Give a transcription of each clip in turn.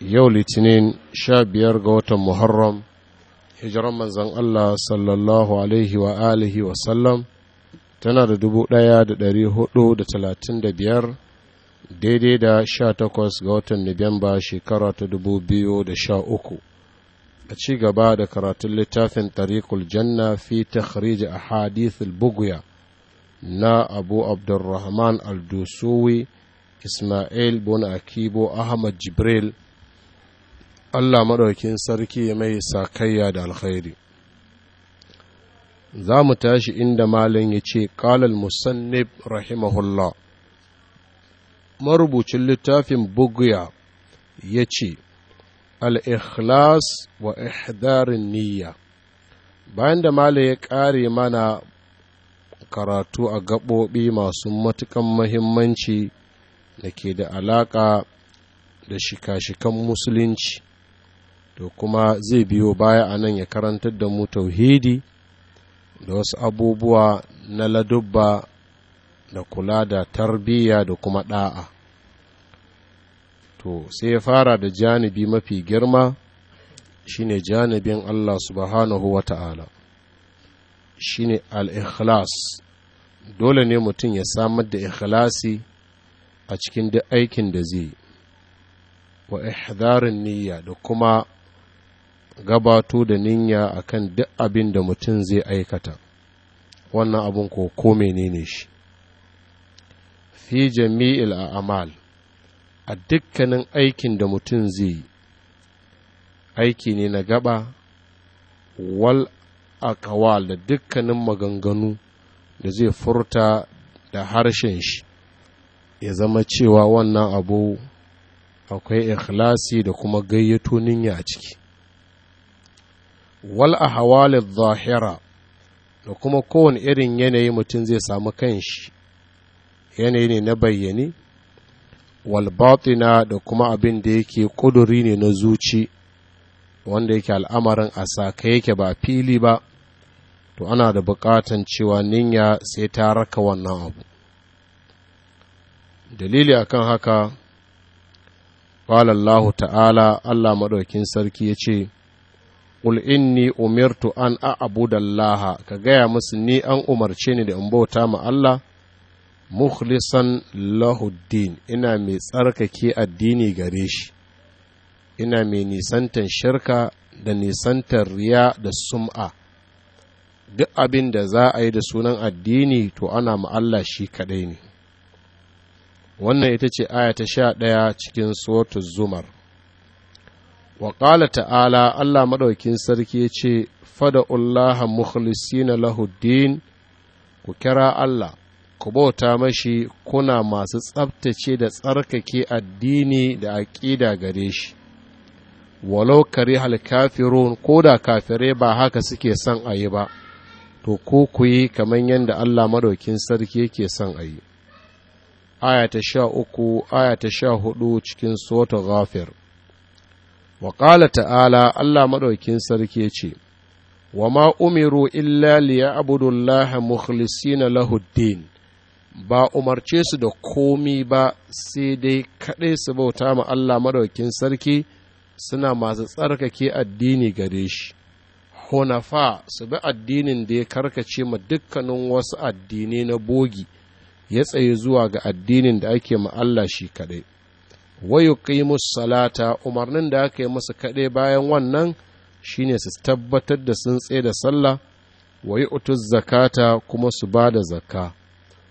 yau litinin sha biyar ga watan muharram hijiran manzan Allah sallallahu alaihi wa alihi wa sallam tana da dubu ɗaya da ɗari hudu da talatin da biyar daidai da sha takwas ga watan Nuwamba shekara ta dubu biyu da sha uku a ci gaba da karatun littafin tariqul janna fi takhrij a hadithul buguya na abu abdurrahman al-dusuwi ismail bun akibo ahmad jibril Allah maɗaukin sarki mai sakayya da alkhairi za mu tashi inda malin ya ce ƙalal musannib rahimahullah marubucin littafin buguya ya ce al wa ihdarin niyya bayan da malin ya ƙare mana karatu a gaɓoɓi masu matukan mahimmanci da ke da alaƙa da shika-shikan musulunci to kuma zai biyo baya a nan ya karantar da mu tauhidi da wasu abubuwa na ladubba da kula da tarbiyya da kuma ɗa'a to sai ya fara da janibi mafi girma shine janibin Allah subhanahu wa ta'ala shine al-ikhlas dole ne mutum ya samar da ikhlasi a cikin duk aikin da zai wa ihdarin niyya da kuma gabato da ninya kan duk abin da mutum zai aikata wannan abin ko ko menene shi fi jami'il a'mal a dukkanin aikin da mutum zai yi aiki ne na gaba wal akawal da dukkanin maganganu da zai furta da harshen shi ya zama cewa wannan abu akwai ikhlasi da kuma gayyato ninya a ciki wal ahwalid zahira da kuma kowane irin yanayi mutum zai samu kanshi yanayi ne na bayyane wal batina da kuma abin da yake kuduri ne na zuci wanda yake al'amarin a saka yake ba fili ba to ana da buƙatan cewa ninya sai ta raka wannan abu dalili akan haka Allahu ta'ala allah maɗaukin sarki ya ce qul inni umirtu an a'budallaha ka gaya musu ni an umarce ni da in bauta ma Allah mukhlisan lahuddin ina mai tsarkake addini gare shi ina mai nisantan shirka da nisantar riya da sum'a duk abin da za a yi da sunan addini to ana ma Allah shi kaɗai ne wannan ita ce aya ta sha ɗaya cikin suwatu zumar wa ƙala ta'ala Allah maɗaukin sarki ya fada Ullaha mukhlisina lahuddin ku kira Allah ku bauta mashi kuna masu tsabtace da tsarkake addini da aƙida gare shi walau kare halkafirun ko da kafirai ba haka suke son a yi ba to ko ku yi kamar yadda Allah maɗaukin sarki yake son a yi aya sha uku aya ta sha hudu cikin sota ghafir wa ƙala ta'ala Allah maɗaukin sarki ce wa ma umiru illa liya abudullaha mukhlisina lahuddin ba umarce su da komi ba sai dai kaɗai su bauta ma Allah maɗaukin sarki suna masu tsarkake addini gare shi honafa su bi addinin da ya karkace ma dukkanin wasu addinai na bogi ya tsaye zuwa ga addinin da ake ma Allah shi kaɗai wa yuqimus salata umarnin da aka yi musu kaɗai bayan wannan shine su tabbatar da sun tsaye da sallah wa zakata kuma su ba zakka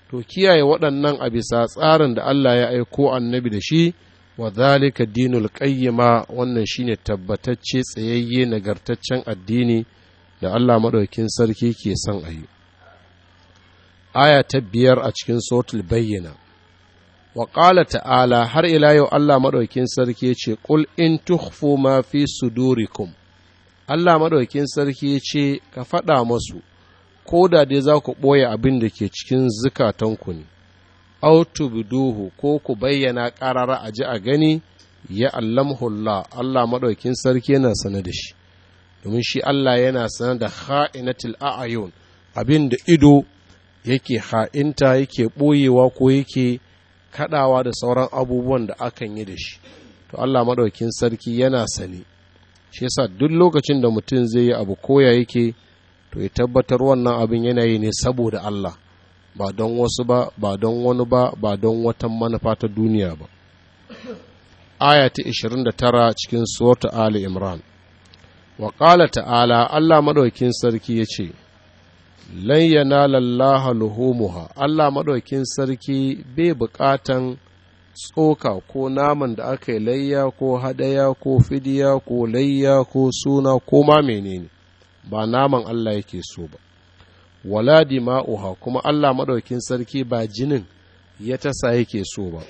to kiyaye waɗannan a bisa tsarin da Allah ya aiko annabi da shi wa zalika dinul qayyima wannan shine tabbatacce tsayayye nagartaccen addini da Allah madaukin sarki ke son ayi aya ta biyar a cikin suratul bayyana wa ƙala ta'ala har ila yau Allah maɗaukin sarki ce ƙul in tuhfu ma fi sudurikum Allah maɗaukin sarki ce ka faɗa masu ko da dai za ku ɓoye abin da ke cikin zukatanku ne autubduhu ko ku bayyana ƙarara a ji a gani ya allamhulla Allah maɗaukin sarki yana sana da shi domin shi Allah yana sana da ha'inatil a'ayun abin da ido yake ha'inta yake ɓoyewa ko yake kadawa da sauran abubuwan da akan yi da shi to Allah madaukin sarki yana sani shi yasa duk lokacin da mutum zai yi abu koya yake to ya tabbatar wannan abin yana yi ne saboda Allah ba don wasu ba ba don wani ba ba don wata manufa ta duniya ba aya ta 29 cikin surata ali imran wa qala ta'ala Allah madaukin sarki yace lan yanala lallaha luhumuha Allah maɗaukin sarki bai buƙatan tsoka ko naman da aka yi layya ko hadaya ko fidiya ko layya ko suna ko ma menene ba naman Allah yake so ba wala dima'uha kuma Allah maɗaukin sarki ba jinin ya tasa yake so ba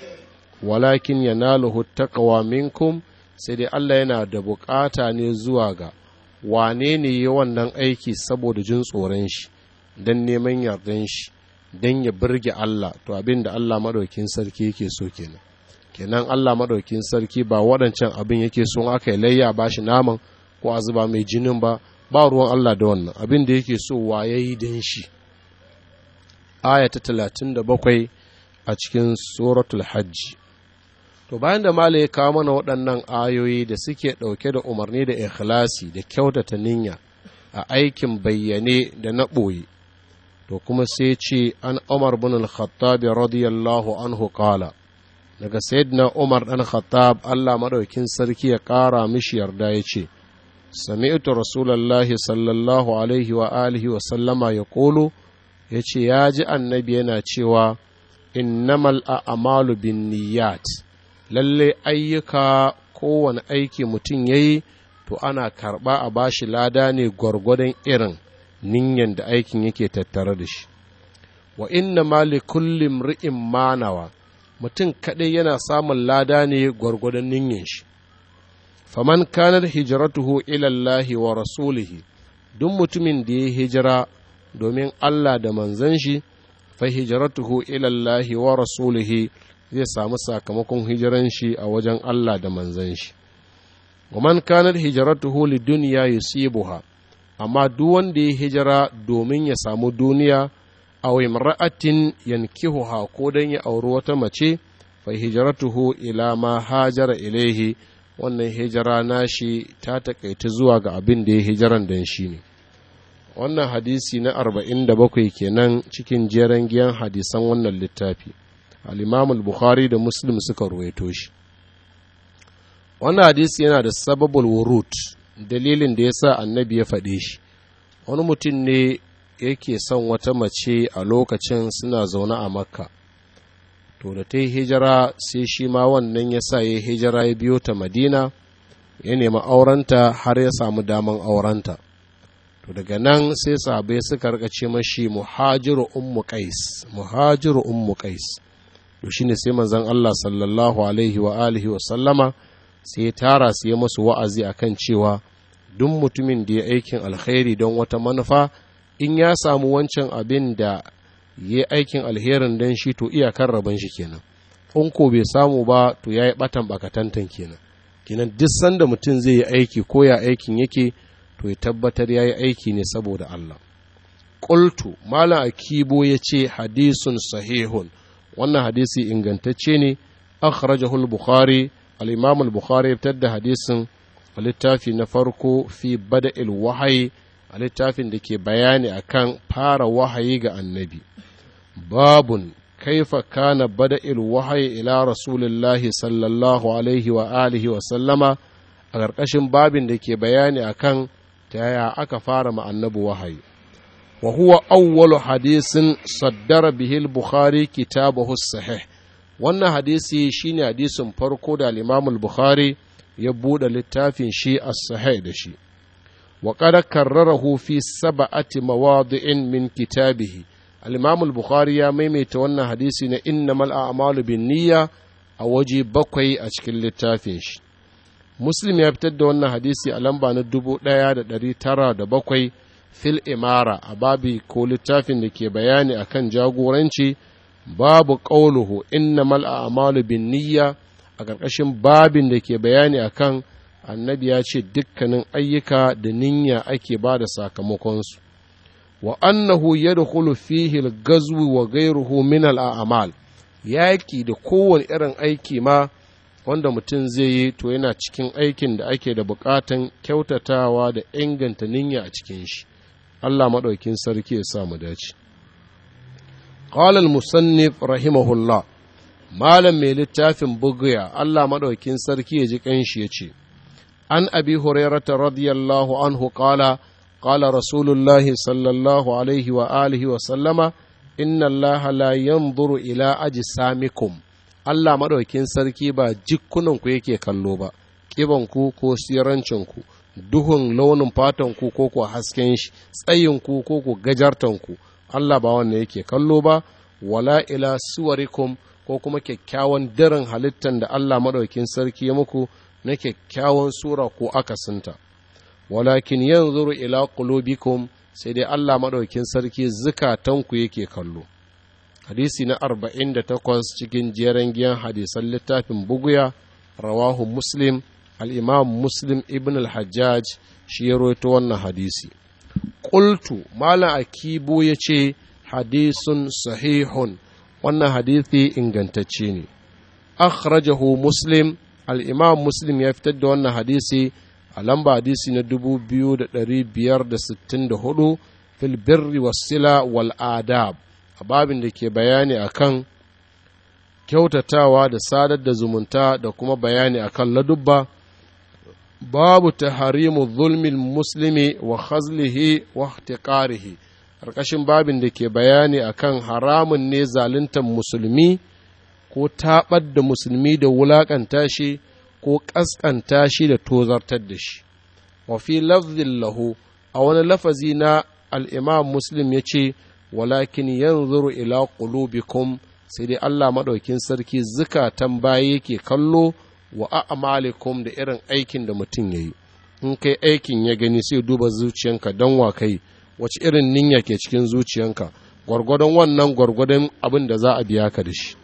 walakin yanaluhu taqwa minkum sai dai Allah yana da buƙata ne zuwa ga wane ne yi wannan aiki saboda jin tsoron shi don neman yardan shi don ya burge Allah to abin da Allah maɗaukin sarki yake so kenan kenan Allah maɗaukin sarki ba waɗancan abin yake so aka yi layya ba shi naman ko a zuba mai jinin ba ba ruwan Allah da wannan abin da yake so ya yi don shi aya ta talatin da bakwai a cikin suratul hajji to bayan da mala ya kawo mana waɗannan ayoyi da suke ɗauke da umarni da ikhlasi da kyautata niyya a aikin bayyane da na ɓoye to kuma sai ce an umar bin al-khattab radiyallahu anhu qala daga sayyidina umar dan khattab Allah madaukin sarki ya kara mishi yarda ya ce sami'tu rasulullahi sallallahu alaihi wa alihi wa sallama ya kolo ya ce ya ji annabi yana cewa innamal a'malu bin niyyat lalle ayyuka kowane aiki mutum yayi to ana karba a bashi lada ne gwargwadon irin ninyan da aikin yake tattare da shi wa inna ma li manawa mutum kaɗai yana samun lada ne gwargwadon ninyan shi faman kanar hijratuhu ila wa rasulihi duk mutumin da ya hijira domin Allah da manzan shi fa hijratuhu ila wa rasulihi zai samu sakamakon hijiran shi a wajen Allah da manzan shi wa man kanar hijratuhu li dunya yi. amma duk wanda ya hijira domin ya samu duniya mara'atin imra'atin yankihuha ko don ya auri wata mace fa hijratuhu ila ma hajara ilaihi wannan hijira nashi ta takaita zuwa ga abin da ya hijiran dan shi ne wannan hadisi na arba'in da 47 kenan cikin jeren giyan hadisan wannan littafi al-Imam bukhari da Muslim suka ruwaito shi wannan hadisi yana da sababul wurud dalilin da ya sa annabi ya faɗe shi wani mutum ne yake son wata mace a lokacin suna zaune a makka to da ta yi hijira sai shi ma wannan ya sa ya hijira ya biyo ta madina ya nemi aurenta har ya samu daman aurenta to daga nan sai sabe suka rikace ce mashi muhajiru ummu qais muhajiru ummu qais to shine sai manzon Allah sallallahu alaihi wa alihi wa sallama sai ya tara su ya masu wa'azi a kan cewa duk mutumin da ya aikin alheri don wata manufa in ya samu wancan abin da ya aikin alherin don shi to iyakar rabon shi kenan in ko bai samu ba to ya yi batan bakatantan kenan kenan duk sanda mutum zai yi aiki ko ya aikin yake to ya tabbatar ya yi aiki ne saboda Allah Kultu malam akibo ya ce hadisun sahihun wannan hadisi ingantacce ne akhrajahul bukhari bukhari al-imam al-bukhari ya da hadisin a littafi na farko fi bada'il wahayi a littafin da ke bayani akan fara wahayi ga annabi babun kaifa kana bada'il wahayi ila rasulillahi sallallahu alaihi wa alihi wa sallama a ƙarƙashin babin da ke bayani akan ta ya aka fara ma annabi wahayi wa awwalu hadisin saddara bihil bukhari kitabahu sahih wannan hadisi shine hadisin farko da limamul bukhari ya buɗe littafin shi a sahai da shi wa qad karrarahu fi sab'ati mawadi'in min kitabihi al bukhari ya maimaita wannan hadisi na innamal a'malu Niyya a waje bakwai a cikin littafin shi muslim ya fitar da wannan hadisi a lamba na dubu ɗaya da ɗari tara da bakwai fil imara a babi ko littafin da ke bayani akan jagoranci babu ƙauluhu inna mal'a amalu bin niyya a ƙarƙashin babin da ke bayani akan annabi ya ce dukkanin ayyuka da niyya ake ba da sakamakonsu wa annahu yadkhulu fihi al-gazwi wa ghayruhu min al-a'mal yaki da kowane irin aiki ma wanda mutum zai yi to yana cikin aikin da ake da bukatan kyautatawa da inganta niyya a cikin shi Allah maɗaukin sarki ya sa mu dace qala al-musannif rahimahullah malam mai littafin bugiya Allah madaukin sarki ya ji kanshi yace an abi hurairata radiyallahu anhu qala qala rasulullahi sallallahu alaihi wa alihi wa sallama inna Allah la yanzuru ila ajsamikum Allah madaukin sarki ba jikkunan ku yake kallo ba kiban ku ko sirancin ku duhun launin fatan ku ko hasken shi tsayin ku ko ku ku Allah ba wanne yake kallo ba wala ila suwarikum ko kuma kyakkyawan daren halittar da Allah maɗaukin sarki ya muku na kyakkyawan sura ko akasinta walakin yanzuru ila qulubikum sai dai Allah maɗaukin sarki zukatanku yake kallo hadisi na arba'in da takwas cikin jeren giyan hadisan littafin buguya rawahu muslim al-imam muslim ibn al-hajjaj shi ya wannan hadisi ƙultu malam akibo ya ce hadisun sahihun wannan hadithi ingantacce ne akhrajahu muslim al'imam muslim ya fitar da wannan hadisi a lamba hadisi na 2564 fil birri wasila wal adab a babin da ke bayani akan kyautatawa da sadar da zumunta da kuma bayani akan ladubba babu taharimu zulmin muslimi wa khazlihi wa ƙarƙashin babin da ke bayani akan haramun ne zaluntar musulmi ko taɓar da musulmi da wulaƙanta shi ko ƙasƙanta shi da tozartar da shi Wafi fi lafzin lahu a wani lafazi na al'imam muslim ya ce walakin yanzuru ila qulubikum sai dai Allah maɗaukin sarki zukatan baya yake kallo wa a'malikum da irin aikin da mutum ya yi, in kai aikin ya gani sai duba zuciyanka don wa kai wace irin niyya ke cikin zuciyanka gwargwadon wannan gwargwadon abin da za a biya ka da shi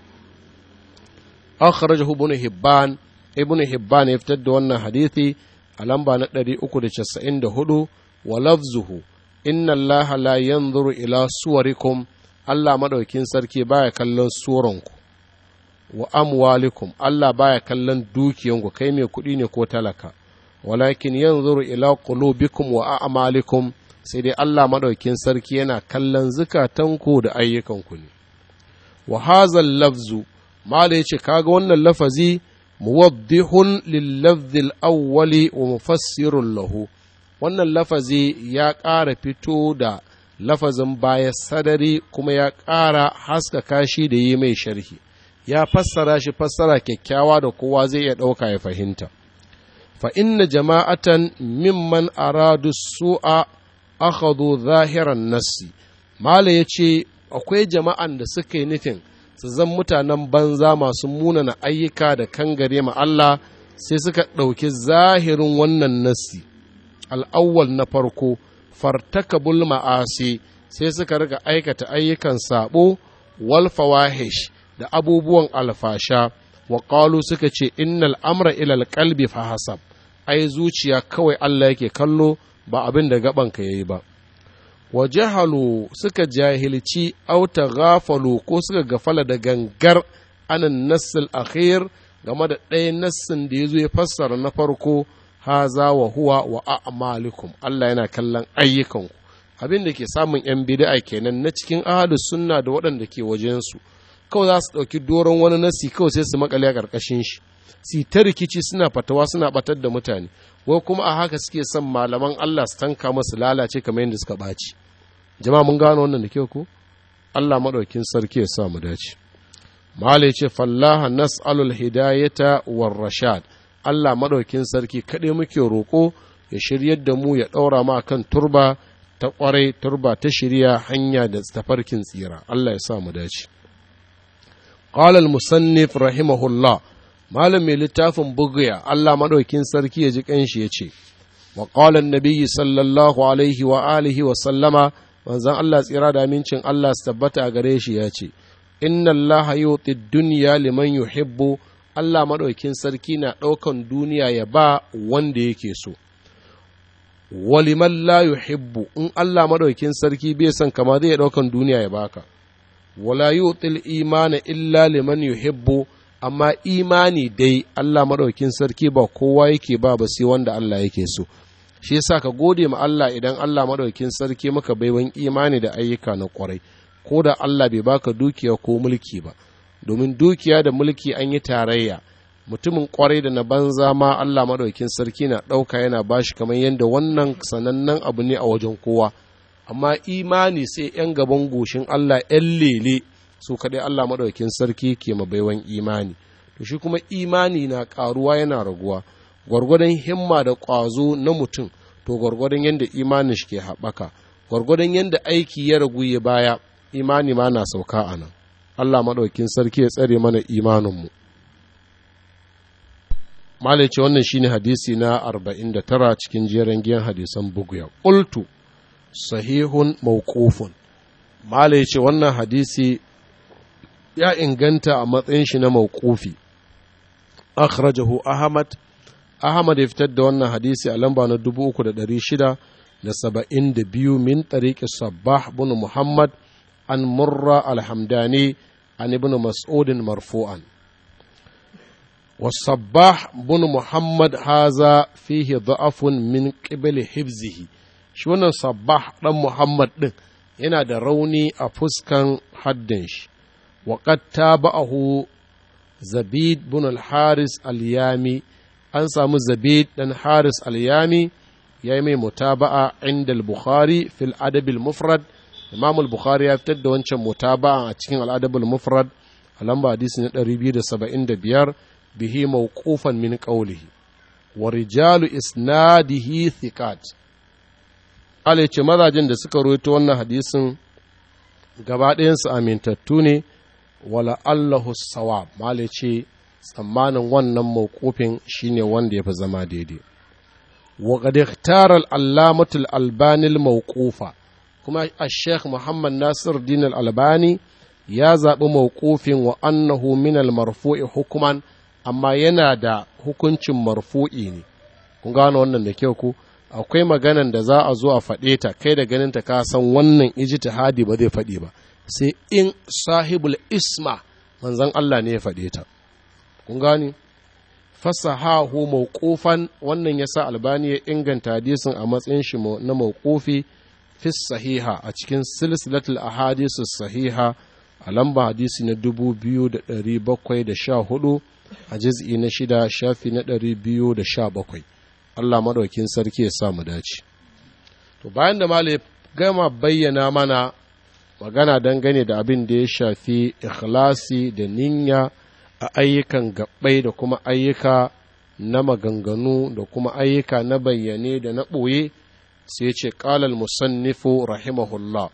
akhrajahu ibn hibban ibn hibban ya fitar da wannan hadisi a lamba na 394 wa lafzuhu inna allaha la yanzuru ila suwarikum Allah maɗaukin sarki baya kallon suranku wa amwalikum Allah baya kallon dukiyanku kai mai kuɗi ne ko talaka walakin yanzuru ila qulubikum wa a'malikum sai dai Allah madaukin sarki yana kallon zukatanku da ayyukanku ne wa hazal lafzu mala yace kaga wannan lafazi muwaddihun lil lafzi al awwali wa mufassirun lahu wannan lafazi ya ƙara fito da lafazin baya sadari kuma ya ƙara haskaka shi da yi mai sharhi ya fassara shi fassara kyakkyawa da kowa zai iya ɗauka ya fahimta fa inna jama'atan mimman aradu su'a akhadhu zahiran nassi mala yace akwai jama'an da suka yi nufin su zan mutanen banza masu munana ayyuka da kangare ma Allah sai suka ɗauki zahirin wannan nassi al'awwal na farko fartakabul ma'asi sai suka riga aikata ayyukan sabo wal fawahish da abubuwan alfasha wa suka ce innal amra ila alƙalbi fa hasab ai zuciya kawai Allah yake kallo ba abin da gaban ka yayi ba wa jahalu suka jahilci aw taghafalu ko suka gafala da gangar anan nassil akhir game da ɗaya nassin da ya zo ya fassara na farko haza wa huwa wa a'malikum Allah yana kallon ayyukanku abin da ke samun yan bid'a kenan na cikin ahadu sunna da waɗanda ke wajensu kawai za su ɗauki doron wani nasi kawai sai su makale a ƙarƙashin shi su ta rikici suna fatawa suna batar da mutane wai kuma a haka suke son malaman Allah su tanka masu lalace kamar yadda suka ɓaci jama'a mun gano wannan da kyau ko Allah madaukin sarki ya sa mu dace malai ce fallaha nas'alul hidayata war rashad Allah maɗaukin sarki kaɗai muke roƙo ya shiryar da mu ya ɗaura ma kan turba ta ƙwarai turba ta shirya hanya da tafarkin tsira Allah ya sa mu dace qala al-musannif rahimahullah malam mai littafin bugiya Allah madaukin sarki ya ji kanshi ya ce wa qala sallallahu alaihi wa alihi wa sallama manzon Allah tsira da amincin Allah su tabbata a gare shi ya ce inna Allah yuti dunya liman yuhibbu Allah madaukin sarki na ɗaukan duniya ya ba wanda yake so waliman la yuhibbu in Allah madaukin sarki bai son kama zai ɗaukan duniya ya baka wala yutil imana illa liman yuhibbu amma imani dai Allah maɗaukin sarki ba kowa yake ba ba sai wanda Allah yake so shi yasa ka gode ma Allah idan Allah maɗaukin sarki maka baiwan imani da ayyuka na kwarai ko da Allah bai baka dukiya ko mulki ba domin dukiya da mulki an yi tarayya mutumin kwarai da na banza ma Allah maɗaukin sarki na ɗauka yana bashi kamar yadda wannan sanannen abu ne a wajen kowa amma imani sai 'yan gaban goshin Allah 'yan lele su kaɗai Allah maɗaukin sarki ke mabaiwan imani to shi kuma imani na ƙaruwa yana raguwa gwargwadon himma da ƙwazo na mutum to gwargwadon yadda imanin shi ke haɓaka gwargwadon yadda aiki ya ragu ya baya imani ma na sauka a nan Allah maɗaukin sarki ya tsare mana imaninmu Malice wannan wannan shine hadisi na arba'in da tara cikin jerin giyan hadisan bugu ya ƙultu sahihun mawqufun mala yace wannan hadisi ya inganta a matsayin shi na mawqufi akhrajahu ahmad ahmad ya fitar da wannan hadisi a lamba na 3672 min tariqi sabbah bin muhammad an murra alhamdani an ibn mas'udin marfu'an والصباح بن محمد هذا فيه ضعف من قبل حفظه shi wannan sabbah ɗan muhammad ɗin yana da rauni a fuskan haddin shi wa ta ba'ahu zabid bin al-haris al-yami an samu zabid ɗan haris al-yami ya yi mai mutaba'a inda al-bukhari fil adabil mufrad imam al-bukhari ya fitar da wancan mutaba'a a cikin al-adabil mufrad a lamba hadisi na 275 bihi mawqufan min qawlihi wa rijalu isnadihi thiqat ce mazajin da suka ruwaito wannan hadisin gaba ɗayansu amintattu ne wala allahu sawa ce tsammanin wannan mawkufin shine wanda ya fi zama daidai wa qad ikhtara al-allamatu mawqufa kuma al-sheikh muhammad nasir din al-albani ya zaɓi mawqufin wa annahu min al-marfu'i hukman amma yana da hukuncin marfu'i ne kun gano wannan da kyau ku akwai maganan da za a zo a faɗe ta kai da ganin ta ka san wannan ijtihadi ba zai faɗi ba sai in sahibul isma manzon Allah ne ya faɗe ta kun gani fasahahu mawqufan wannan yasa albani ya inganta hadisin a matsayin shi na mawqufi fi sahiha a cikin silsilatul ahadith sahiha a lamba hadisi na 2714 a juz'i na shida shafi na 217 Allah maɗaukin sarki ya sa mu dace to bayan da malai gama bayyana mana magana dangane da abin da ya shafi ikhlasi da niyya a ayyukan gabbai da kuma ayyuka na maganganu da kuma ayyuka na bayyane da na ɓoye sai ce ƙalal musannifu rahimahullah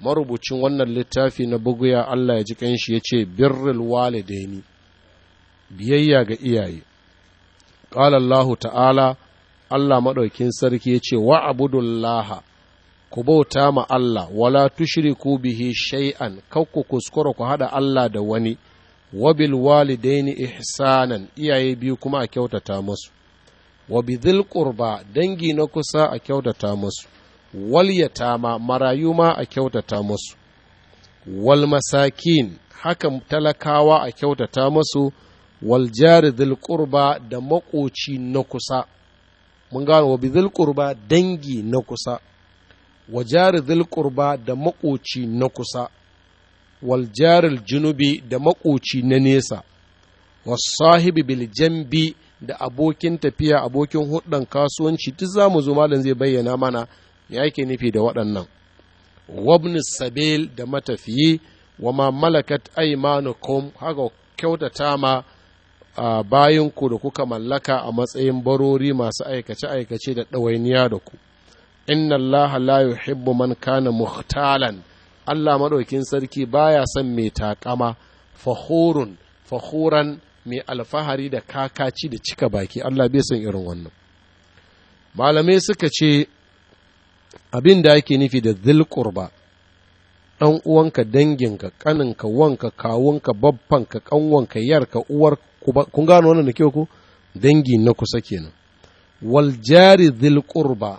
marubucin wannan littafi na buguya Allah ya ji kanshi ya ce birrul walidaini biyayya ga iyaye ƙala Allah ta'ala Allah maɗaukin sarki ya ce wa abudullaha ku bauta ma Allah wala tushriku bihi shai'an, kar ku kuskura ku haɗa Allah da wani wabil walidaini ihsanan iyaye biyu kuma a kyautata musu wa bidhil dangi na kusa a kyautata musu wal yatama marayu ma a kyautata musu wal masakin haka talakawa a kyautata musu wal jari dhil da makoci na kusa mun gano wa bizil qurba dangi na kusa wa jari zil da makoci na kusa wal jaril junubi da makoci na nesa wa sahibi bil jambi da abokin tafiya abokin huddan kasuwanci duk za zo malam zai bayyana mana ya yake nufi da waɗannan wabni sabil da matafiyi wa ma malakat aimanukum haka kyautata ma a bayanku da kuka mallaka a matsayin barori masu aikace-aikace da ɗawainiya da ku inna allaha la yuhibbu man kana muhtalan allah maɗaukin sarki baya son mai taƙama fahurun fahuran mai alfahari da kakaci da cika baki allah bai San irin wannan malamai suka ce abin da ake nufi da zilkurba ɗan uwanka danginka ƙaninka wanka kawunka babbanka ƙanwanka yarka uwar kun gano wannan da kyau ko dangi na kusa kenan wal jari dhil qurba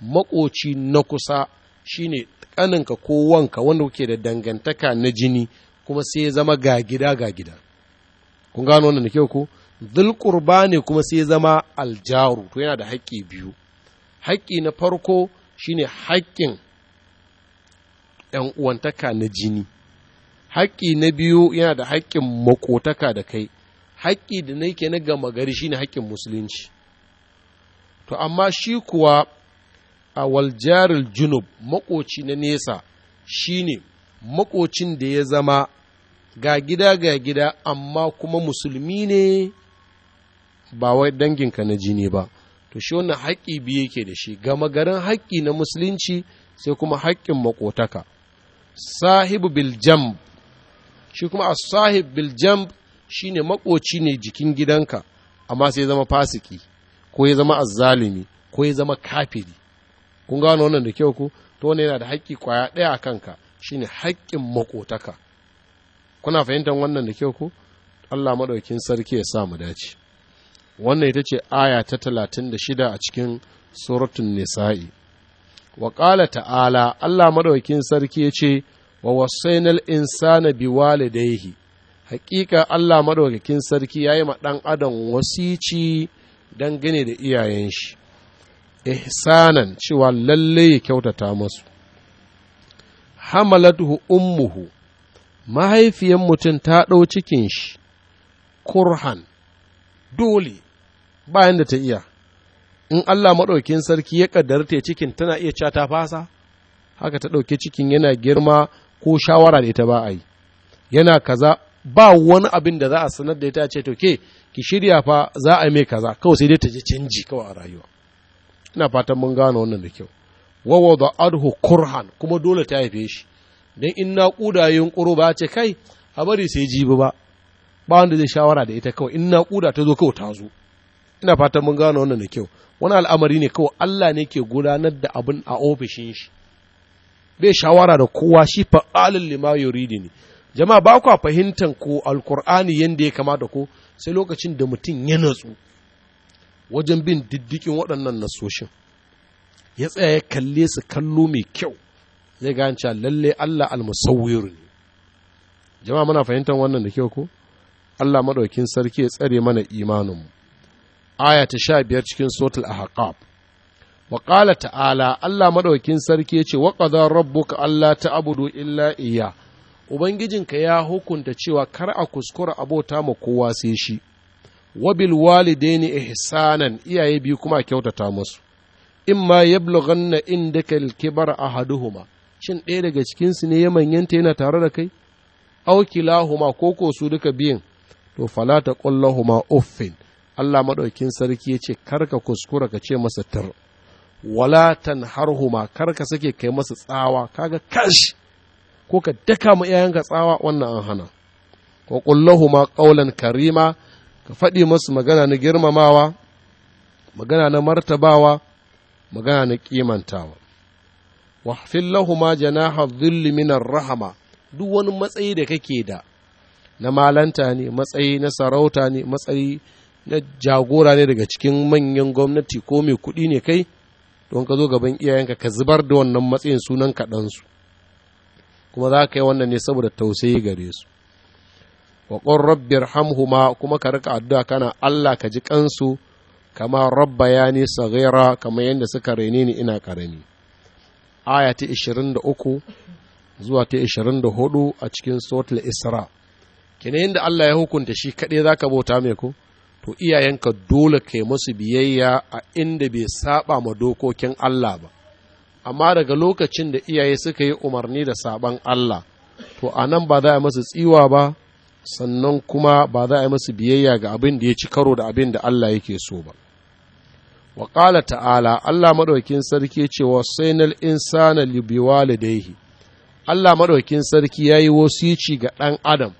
makoci na kusa shine ƙaninka ko wanka wanda kuke da dangantaka na jini kuma sai ya zama ga gida ga gida kun gano wannan da kyau ko dhil qurba ne kuma sai ya zama aljaru to yana da haƙƙi biyu haƙƙi na farko shine haƙƙin ‘yan uwantaka na jini, haƙƙi na biyu yana da haƙƙin makotaka da kai, haƙƙi da na yake na gama gari shi ne haƙƙin musulunci. To, amma shi kuwa a waljaril junub makoci na nesa shi ne makocin da ya zama ga gida ga gida amma kuma musulmi ne ba wai danginka na jini ba. to shi wannan haƙƙi biyu yake da shi gama garin haƙƙi na musulunci sai kuma haƙƙin maƙotaka sahibu biljamb shi kuma as-sahib biljamb shine makoci ne jikin gidanka amma sai zama fasiki ko ya zama azzalimi ko ya zama kafiri kun gano wannan da kyau ko to ne yana da haƙƙi kwaya ɗaya a kanka shine haƙƙin makotaka kuna fahimtar wannan da kyau ko Allah madaukin sarki ya sa mu dace wannan ita ce aya ta 36 a cikin suratul nisa'i wa ƙala ta'ala Allah maɗaukin sarki ya ce wa wasainal insana bi walidaihi Haƙiƙa Allah maɗaukakin sarki ya yi ma ɗan adam wasici gane da iyayen shi ihsanan cewa lalle ya kyautata masu hamalatuhu ummuhu mahaifiyan mutum ta ɗau cikin shi kurhan dole bayan da ta iya in Allah maɗaukin sarki ya ƙaddarta cikin tana iya ca ta fasa haka ta ɗauke cikin yana girma ko shawara da ita ba a yi yana kaza ba wani abin da za a sanar da ita ce to ke ki shirya fa za a yi mai kaza kawai sai dai ta ji canji kawai a rayuwa ina fatan mun gane wannan da kyau wawa da adhu kurhan kuma dole ta haife shi don in naƙuda yunƙuro ba ce kai a bari sai jibi ba ba wanda zai shawara da ita kawai in naƙuda ta zo kawai ta zo ina fatan mun gane wannan da kyau wani al'amari ne kawai Allah ne ke gudanar da abin a ofishin shi bai shawara da kowa shi fa'alin lima yuridi ne jama'a ba kwa fahimtar ko alkur'ani yadda ya kamata ko sai lokacin da mutum ya natsu wajen bin diddikin waɗannan nasoshin ya tsaya ya kalle su kallo mai kyau zai gane lallai lalle Allah almusawwir ne jama'a muna fahimtar wannan da kyau ko Allah maɗaukin sarki ya tsare mana imaninmu aya ta sha biyar cikin sotul a wa qala ta'ala Allah maɗaukin sarki yace wa qadara allah ta abudu illa Ubangijin ubangijinka ya hukunta cewa kar a kuskura abota ma kowa sai shi wa bil walidaini ihsanan iyaye biyu kuma kyautata musu imma yablughanna indaka al-kibara ahaduhuma shin ɗaya daga cikinsu ne ya manyanta yana tare da kai aukilahuma ko ko su duka biyan to fala ta huma ofin. Allah maɗaukin sarki ya ce karka kuskura ka ce masa tar wala tan harhuma karka sake kai masa tsawa kaga kash ko ka daka ma iyayenka tsawa wannan an hana Ko kullahuma qawlan karima ka faɗi masu magana na girmamawa magana na martabawa magana na ƙimantawa. wa lahuma janaha dhilli minar rahama duk wani matsayi da kake da na malanta ne matsayi na sarauta ne matsayi na jagora ne daga cikin manyan gwamnati ko mai kuɗi ne kai don ka zo gaban iyayenka ka zubar da wannan matsayin sunan kaɗansu kuma za ka yi wannan ne saboda tausayi gare su wa qur hamhu ma kuma ka rika addu'a kana Allah ka ji kansu kama ne tsagaira kamar yadda suka raine ni ina karami aya ta 23 zuwa ta 24 a cikin Sotl isra kenan yadda Allah ya hukunta shi kaɗai za ka bauta mai ko to iyayenka dole kai masu biyayya a inda bai saba ma dokokin Allah ba amma daga lokacin da iyaye suka yi umarni da saban Allah to a nan ba za a masu tsiwa ba sannan kuma ba za a yi masu biyayya ga abin da ya ci karo da abin da Allah yake so ba Waƙala ta'ala Allah maɗaukin sarki ce wa sainal insana libiwalidaihi Allah maɗaukin sarki ya yi wasici ga ɗan adam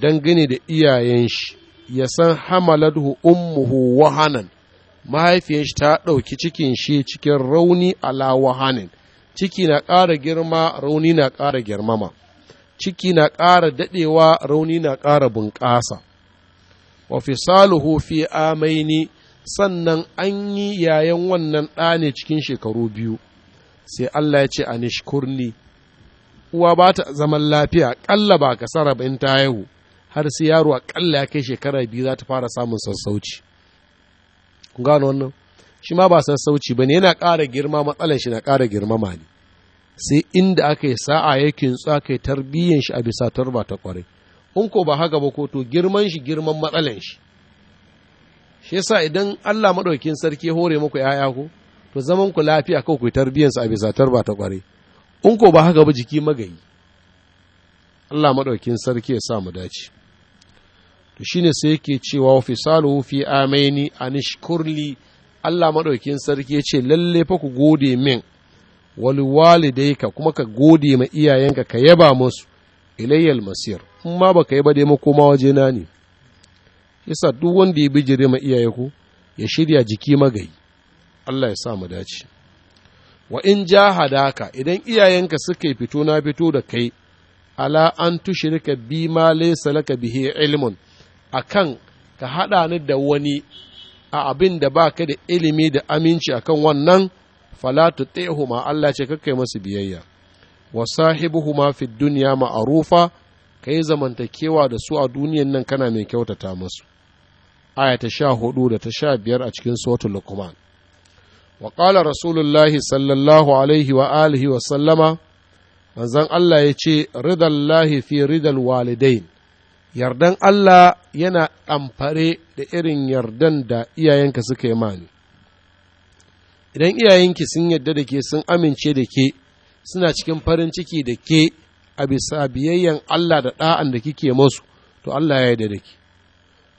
don da iyayen shi ya san hamaladu ummuhu wahanan mahaifiyar shi ta ɗauki cikin shi cikin rauni ala wahanin ciki na ƙara girma rauni na ƙara girmama ciki na ƙara daɗewa rauni na ƙara bunƙasa wa saluhu fi amaini sannan an yi yayan wannan ɗa ne cikin shekaru biyu sai Allah ya ce a nishkurni uwa ba ta zaman lafiya ƙalla ba ka sarabin in ta haihu har sai yaro akalla ya kai shekara biyu za ta fara samun sassauci ku gano wannan shi ma ba sassauci ba ne yana ƙara girma matsalan shi na ƙara girmama ne sai inda aka yi sa'a ya kintsu aka yi tarbiyyan shi a bisa tarba ta ƙwarai in ko ba haka ba ko to girman shi girman matsalan shi shi yasa idan Allah maɗaukin sarki hore muku ‘ya'ya ko to zaman ku lafiya kawai ku tarbiyyansu a bisa tarba ta ƙware in ko ba haka ba jiki magayi Allah maɗaukin sarki ya sa mu dace to shine sai yake cewa fisaluhu fi amaini anishkurli Allah maɗaukin sarki ya ce lalle fa ku gode min wal walidaika kuma ka gode ma iyayenka ka yaba musu ilayyal masir in ma baka yi ba dai makoma waje na ne yasa duk wanda ya bijire ma iyaye ku ya shirya jiki magayi Allah ya sa mu dace wa in jahadaka idan iyayenka suka fito na fito da kai ala an tushirka bi ma laysa laka bihi ilmun a kan ka haɗa ni da wani a abin da ba ka da ilimi da aminci akan kan wannan falatu ma Allah ce kakka yi masu biyayya wa sahibuhuma fi duniya ma'arufa ka yi zamantakewa da su a duniyan nan kana mai kyautata masu aya ta sha hudu da ta sha biyar a cikin suratul luqman wa qala rasulullahi sallallahu alaihi wa alihi wa sallama manzon Allah ya ce ridallahi fi ridal walidain yardan Allah yana ɗamfare da irin yardan da iyayenka suka yi mani idan iyayenki sun yadda da ke sun amince da ke suna cikin farin ciki da ke a bisa biyayyen Allah da ɗa'an da kike masu to Allah ya da ke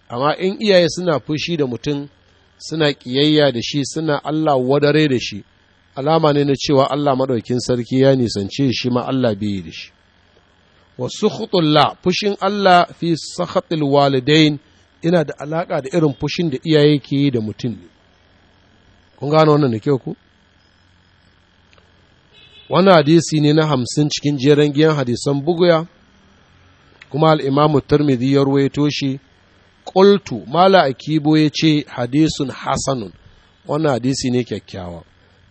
amma in iyaye suna fushi da mutum suna ƙiyayya da shi suna Allah wadare da shi alama ne na cewa Allah maɗaukin sarki ya nisance shi ma Allah bai da shi wa sukhutullah fushin Allah fi sakhatil walidain ina da alaka da irin fushin da iyaye ke yi da mutum ne kun gano wannan da kyau ku wani hadisi ne na hamsin cikin jeren giyan hadisan buguya kuma al'imamu tirmidhi ya ruwaito shi ƙultu mala akibo ya ce hadisun hasanun wannan hadisi ne kyakkyawa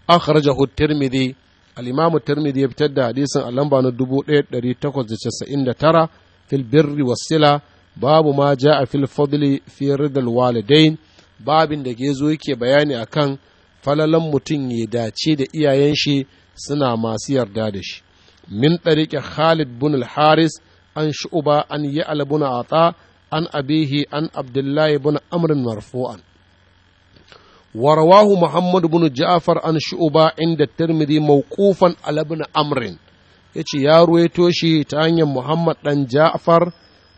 an kharajahu tirmidhi al'imamu tirmidhi ya fitar da hadisin a lamba na 1899 fil birri wasila babu ma ja a fil fadli fi ridal walidain babin da ke zo yake bayani akan falalan mutum ya dace da iyayen shi suna masu yarda da shi min ɗariƙe khalid bin haris an shu'uba an yi albuna ata an abihi an abdullahi bin amrin marfu'an wa rawahu Muhammad bin Ja'far an Shu'ba inda Tirmidhi mawqufan ala ibn Amr yace ya ruwaito shi ta hanyar Muhammad ɗan Ja'far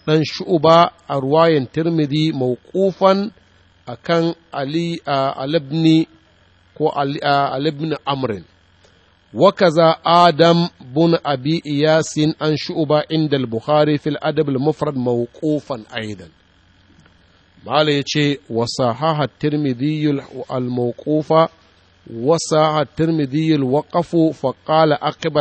ɗan Shu'ba a ruwayan Tirmidhi mawqufan akan Ali alibni ko alibni Amr wa kaza Adam bin Abi Iyasin an Shu'ba inda al-Bukhari fil Adab al-Mufrad mawqufan aidan mala ya ce wasahaha tirmidhiyul al-mawqufa wasaha tirmidhiyul waqafu fa qala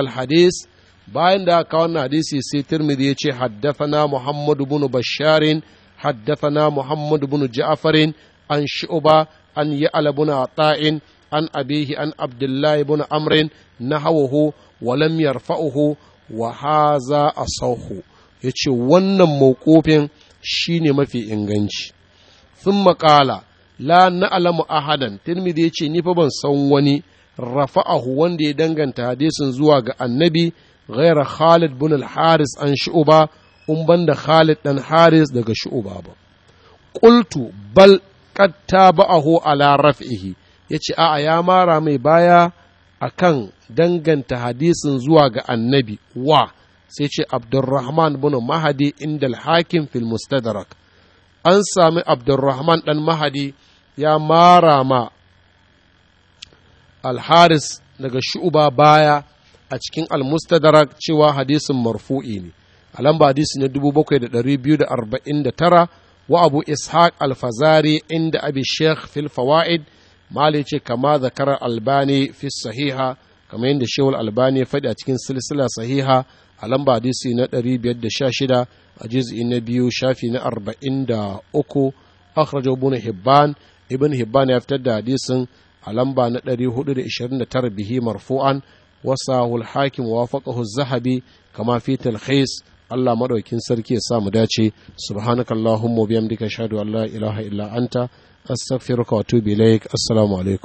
hadis bayan da aka wannan hadisi sai tirmidhi ya ce haddathana muhammad ibn basharin haddathana muhammad ibn ja'farin an shi'uba an ya'la ibn ta'in an abihi an abdullahi ibn amrin nahawahu wa lam yarfa'uhu wa haza ya yace wannan mawqufin shine mafi inganci sun maƙala la na'alamu ahadan tirmidhi ya ce ni fa ban san wani rafa'ahu wanda ya danganta hadisin zuwa ga annabi ghaira khalid bin al-haris an shu'uba in banda khalid dan haris daga shu'uba ba qultu bal qad tabahu ala raf'ihi yace a'a ya mara mai baya akan danganta hadisin zuwa ga annabi wa sai ce abdurrahman bin Mahdi inda al-hakim fil mustadrak an sami Abdulrahman ɗan mahadi ya mara ma alharis daga shu'uba baya a cikin almustadarak cewa hadisin marfu'i ne a lamba hadisi na 7249 wa abu ishaq alfazari inda abi sheikh fil fawaid mali ce kama zakarar albani fi sahiha kamar yadda shewar albani ya faɗi a cikin silsila sahiha a lamba hadisi na 516 a juz'i na biyu shafi na 43 da ibn hibban ibn hibban ya fitar da hadisin a lamba na 429 bihi marfu'an wasahul hakim wafaqahu zahabi kama fi talkhis Allah madaukin sarki ya sa mu dace subhanakallahumma bihamdika ashhadu an la ilaha illa anta wa atubu ilaik assalamu alaikum